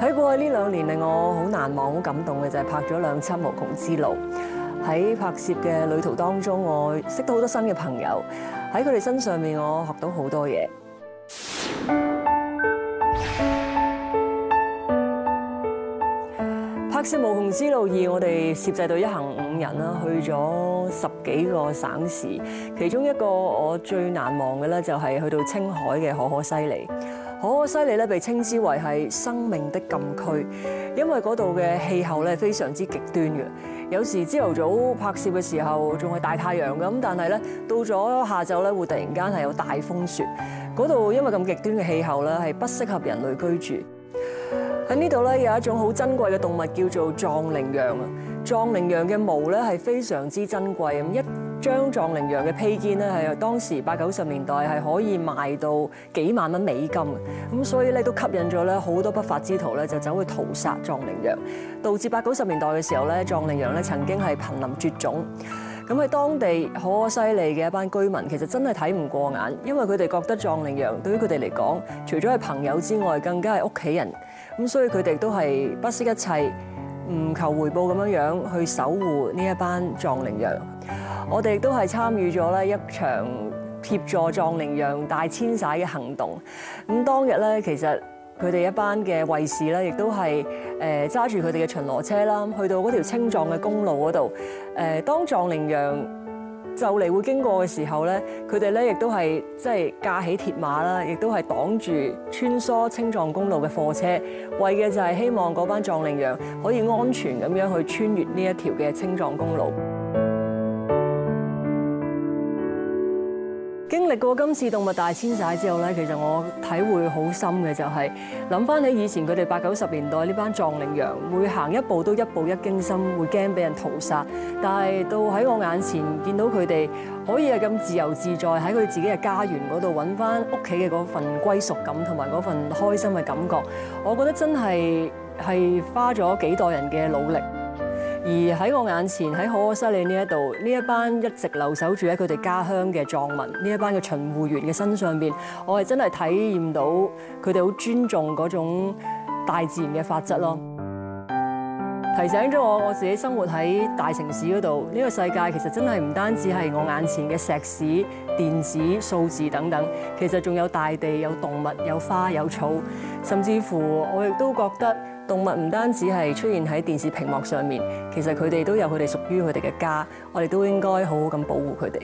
喺過去呢兩年令我好難忘、好感動嘅就係拍咗兩輯《兩無窮之路》。喺拍攝嘅旅途當中，我識到好多新嘅朋友。喺佢哋身上面，我學到好多嘢。拍攝《無窮之路二》，我哋攝製隊一行五人啦，去咗十幾個省市。其中一個我最難忘嘅咧，就係去到青海嘅可可西里。可可西里咧，被稱之為係生命的禁區，因為嗰度嘅氣候咧非常之極端嘅。有時朝頭早拍攝嘅時候仲係大太陽嘅，咁但係咧到咗下晝咧會突然間係有大風雪。嗰度因為咁極端嘅氣候咧係不適合人類居住。喺呢度咧有一種好珍貴嘅動物叫做藏羚羊啊。藏羚羊嘅毛咧係非常之珍貴，咁一張藏羚羊嘅披肩咧係當時八九十年代係可以賣到幾萬蚊美金，咁，所以咧都吸引咗咧好多不法之徒咧就走去屠殺藏羚羊，導致八九十年代嘅時候咧藏羚羊咧曾經係瀕臨絕種。咁喺當地好犀利嘅一班居民，其實真係睇唔過眼，因為佢哋覺得藏羚羊對於佢哋嚟講，除咗係朋友之外，更加係屋企人，咁所以佢哋都係不惜一切。唔求回報咁樣樣去守護呢一班藏羚羊，我哋亦都係參與咗咧一場協助藏羚羊大遷徙嘅行動。咁當日咧，其實佢哋一班嘅衞士咧，亦都係誒揸住佢哋嘅巡邏車啦，去到嗰條青藏嘅公路嗰度，誒當藏羚羊，就嚟會經過嘅時候呢，佢哋呢亦都係即係架起鐵馬啦，亦都係擋住穿梭青藏公路嘅貨車，為嘅就係希望嗰班藏羚羊可以安全咁樣去穿越呢一條嘅青藏公路。經歷過今次動物大遷徙之後咧，其實我體會好深嘅就係諗翻起以前佢哋八九十年代呢班藏羚羊，會行一步都一步一驚心，會驚畀人屠殺。但係到喺我眼前見到佢哋可以係咁自由自在喺佢自己嘅家園嗰度搵返屋企嘅嗰份歸屬感同埋嗰份開心嘅感覺，我覺得真係係花咗幾代人嘅努力。而喺我眼前，喺可可西里呢一度，呢一班一直留守住喺佢哋家鄉嘅藏民，呢一班嘅巡護員嘅身上邊，我係真係體驗到佢哋好尊重嗰種大自然嘅法則咯。提醒咗我，我自己生活喺大城市嗰度，呢個世界其實真係唔單止係我眼前嘅石屎、電子、數字等等，其實仲有大地、有動物、有花、有草，甚至乎我亦都覺得。動物唔單止係出現喺電視屏幕上面，其實佢哋都有佢哋屬於佢哋嘅家，我哋都應該好好咁保護佢哋。